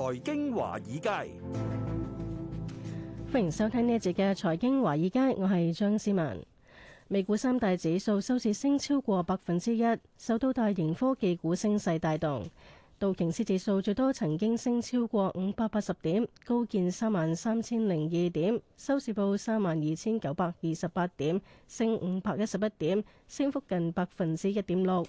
財經華爾街，歡迎收聽呢一節嘅財經華爾街，我係張思文。美股三大指數收市升超過百分之一，受到大型科技股升勢帶動。道瓊斯指數最多曾經升超過五百八十點，高見三萬三千零二點，收市報三萬二千九百二十八點，升五百一十一點，升幅近百分之一點六。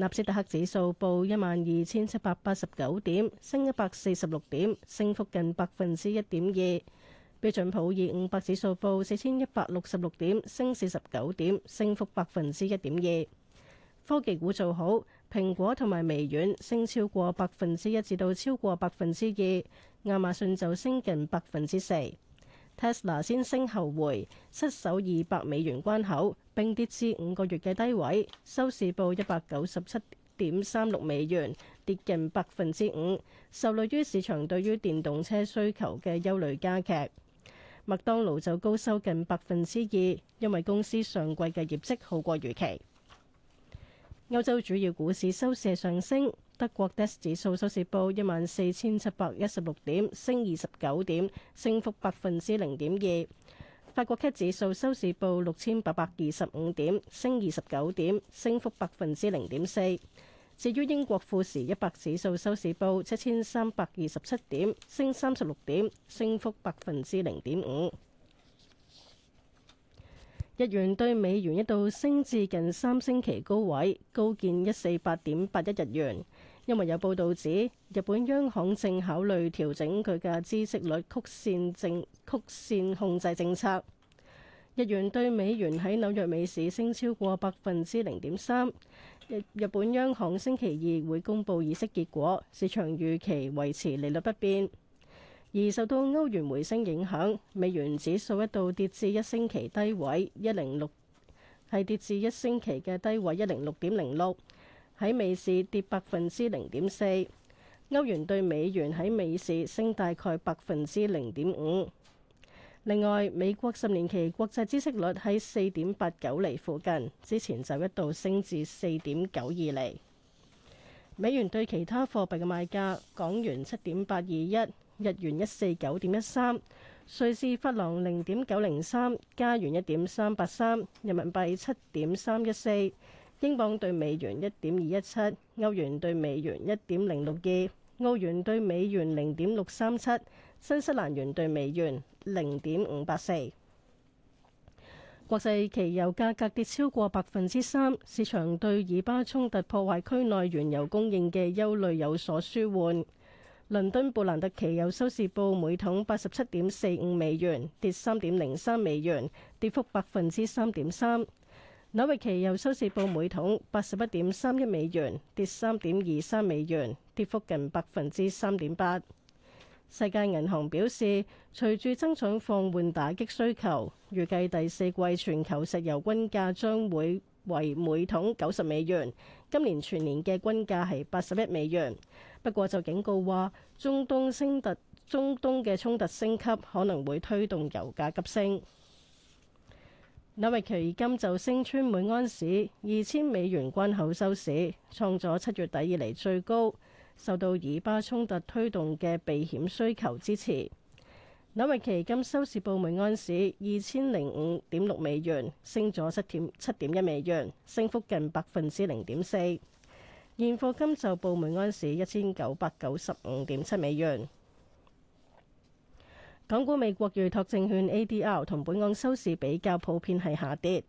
納斯達克指數報一萬二千七百八十九點，升一百四十六點，升幅近百分之一點二。標準普爾五百指數報四千一百六十六點，升四十九點，升幅百分之一點二。科技股做好，蘋果同埋微軟升超過百分之一至到超過百分之二，亞馬遜就升近百分之四。Tesla 先升後回，失守二百美元關口，並跌至五個月嘅低位，收市報一百九十七點三六美元，跌近百分之五，受累於市場對於電動車需求嘅憂慮加劇。麥當勞就高收近百分之二，因為公司上季嘅業績好過預期。歐洲主要股市收市上升。德國 DAX 指數收市報一萬四千七百一十六點，升二十九點，升幅百分之零點二。法國 CAC 指數收市報六千八百二十五點，升二十九點，升幅百分之零點四。至於英國富時一百指數收市報七千三百二十七點，升三十六點，升幅百分之零點五。日元對美元一度升至近三星期高位，高見一四八點八一日元。因為有報道指日本央行正考慮調整佢嘅孳息率曲線政曲線控制政策，日元對美元喺紐約美市升超過百分之零點三。日本央行星期二會公布議息結果，市場預期維持利率不變。而受到歐元回升影響，美元指數一度跌至一星期低位一零六，係跌至一星期嘅低位一零六點零六。喺美市跌百分之零點四，歐元對美元喺美市升大概百分之零點五。另外，美國十年期國債孳息率喺四點八九厘附近，之前就一度升至四點九二厘。美元對其他貨幣嘅賣價：港元七點八二一，日元一四九點一三，瑞士法郎零點九零三，加元一點三八三，人民幣七點三一四。英鎊兌美元一點二一七，歐元兌美元一點零六二，澳元兌美元零點六三七，新西蘭元兌美元零點五八四。國際期油價格跌超過百分之三，市場對以巴衝突破壞區內原油供應嘅憂慮有所舒緩。倫敦布蘭特期油收市報每桶八十七點四五美元，跌三點零三美元，跌幅百分之三點三。紐約期油收市報每桶八十一點三一美元，跌三點二三美元，跌幅近百分之三點八。世界銀行表示，隨住增長放緩打擊需求，預計第四季全球石油均價將會為每桶九十美元，今年全年嘅均價係八十一美元。不過就警告話，中東升突中東嘅衝突升級可能會推動油價急升。紐約期金就升穿每安士二千美元關口收市，創咗七月底以嚟最高，受到以巴衝突推動嘅避險需求支持。紐約期金收市報每安士二千零五點六美元，升咗七點七點一美元，升幅近百分之零點四。現貨金就報每安士一千九百九十五點七美元。港股美國預託證券 ADR 同本港收市比較普遍係下跌。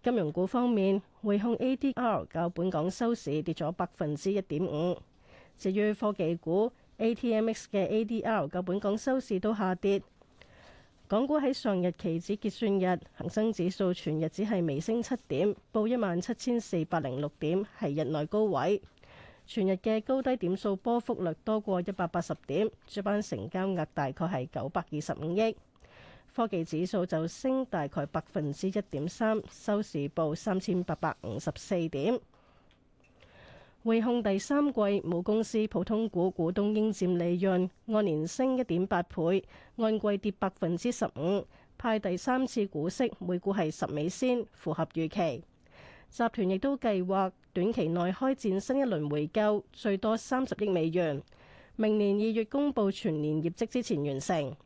金融股方面，匯控 ADR 較本港收市跌咗百分之一點五。至於科技股 ATMX 嘅 ADR 較本港收市都下跌。港股喺上日期指結算日，恒生指數全日只係微升七點，報一萬七千四百零六點，係日內高位。全日嘅高低點數波幅略多過一百八十點，主板成交額大概係九百二十五億。科技指數就升大概百分之一點三，收市報三千八百五十四點。匯控第三季母公司普通股股東應佔利潤按年升一點八倍，按季跌百分之十五，派第三次股息每股係十美仙，符合預期。集團亦都計劃，短期內開展新一輪回購，最多三十億美元，明年二月公佈全年業績之前完成。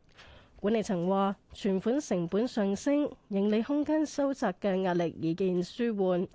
管理層話存款成本上升、盈利空間收窄嘅壓力已見舒緩，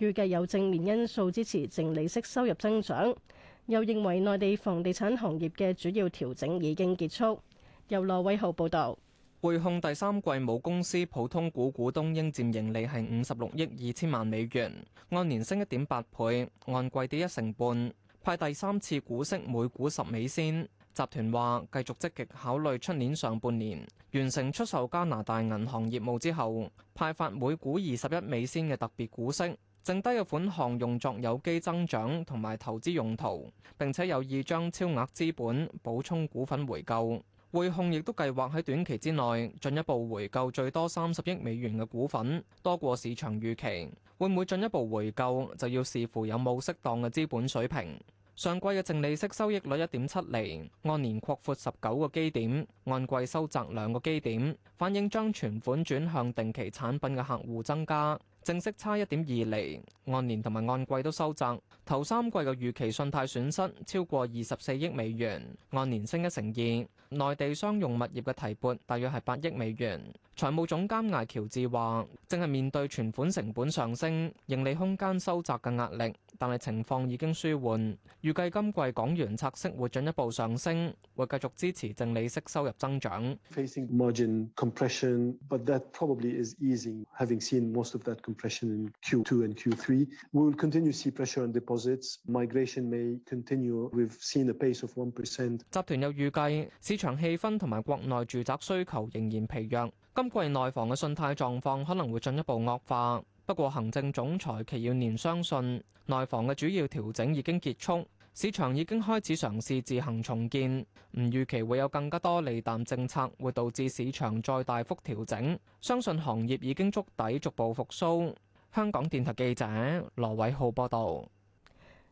預計有正面因素支持淨利息收入增長。又認為內地房地產行業嘅主要調整已經結束。由羅威浩報導。匯控第三季母公司普通股股東應佔盈利係五十六億二千萬美元，按年升一點八倍，按季跌一成半。派第三次股息每股十美仙。集團話繼續積極考慮出年上半年完成出售加拿大銀行業務之後，派發每股二十一美仙嘅特別股息，剩低嘅款項用作有機增長同埋投資用途，並且有意將超額資本補充股份回購。匯控亦都計劃喺短期之內進一步回購最多三十億美元嘅股份，多過市場預期。會唔會進一步回購就要視乎有冇適當嘅資本水平。上季嘅淨利息收益率一點七厘，按年擴闊十九個基點，按季收窄兩個基點，反映將存款轉向定期產品嘅客戶增加。淨息差一點二厘，按年同埋按季都收窄。頭三季嘅預期信貸損失超過二十四億美元，按年升一成二。內地商用物業嘅提撥，大約係八億美元。財務總監艾喬治話，正係面對存款成本上升、盈利空間收窄嘅壓力，但係情況已經舒緩。預計今季港元拆息會進一步上升，會繼續支持淨利息收入增長。集團又預計市場氣氛同埋國內住宅需求仍然疲弱。今季內房嘅信貸狀況可能會進一步惡化，不過行政總裁祁耀年相信內房嘅主要調整已經結束，市場已經開始嘗試自行重建，唔預期會有更加多利淡政策會導致市場再大幅調整，相信行業已經觸底逐步復甦。香港電台記者羅偉浩報道。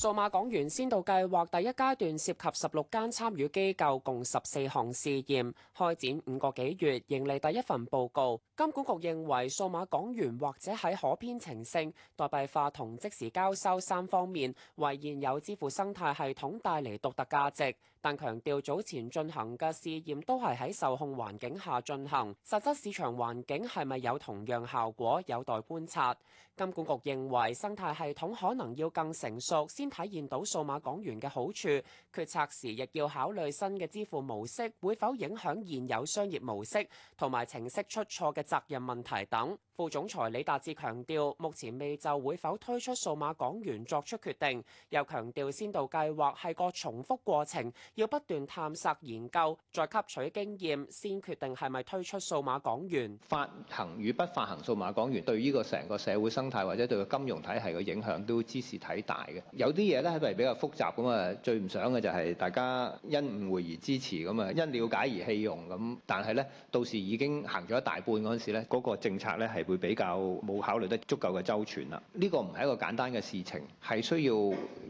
數碼港元先導計劃第一階段涉及十六間參與機構，共十四項試驗，開展五個幾月，迎嚟第一份報告。金管局認為數碼港元或者喺可編程性、代幣化同即時交收三方面，為現有支付生態系統帶嚟獨特價值，但強調早前進行嘅試驗都係喺受控環境下進行，實質市場環境係咪有同樣效果有待觀察。金管局認為生態系統可能要更成熟先。體驗到數碼港元嘅好處，決策時亦要考慮新嘅支付模式會否影響現有商業模式，同埋程式出錯嘅責任問題等。副總裁李達志強調，目前未就會否推出數碼港元作出決定，又強調先導計劃係個重複過程，要不斷探索研究，再吸取經驗，先決定係咪推出數碼港元。發行與不發行數碼港元對呢個成個社會生態或者對個金融體系嘅影響都支持睇大嘅有。啲嘢咧係咪比較複雜咁啊？最唔想嘅就係大家因誤會而支持咁啊，因了解而棄用咁。但係咧，到時已經行咗一大半陣時咧，嗰個政策咧係會比較冇考慮得足夠嘅周全啦。呢個唔係一個簡單嘅事情，係需要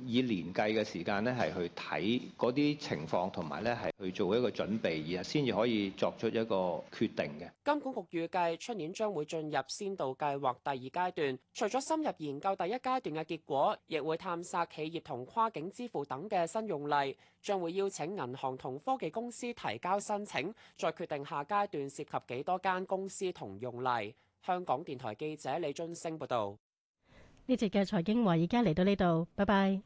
以年計嘅時間咧係去睇嗰啲情況同埋咧係去做一個準備，然後先至可以作出一個決定嘅。金管局預計出年將會進入先導計劃第二階段，除咗深入研究第一階段嘅結果，亦會探索。企業同跨境支付等嘅新用例，將會邀請銀行同科技公司提交申請，再決定下階段涉及幾多間公司同用例。香港電台記者李津升報道。呢節嘅財經華，而家嚟到呢度，拜拜。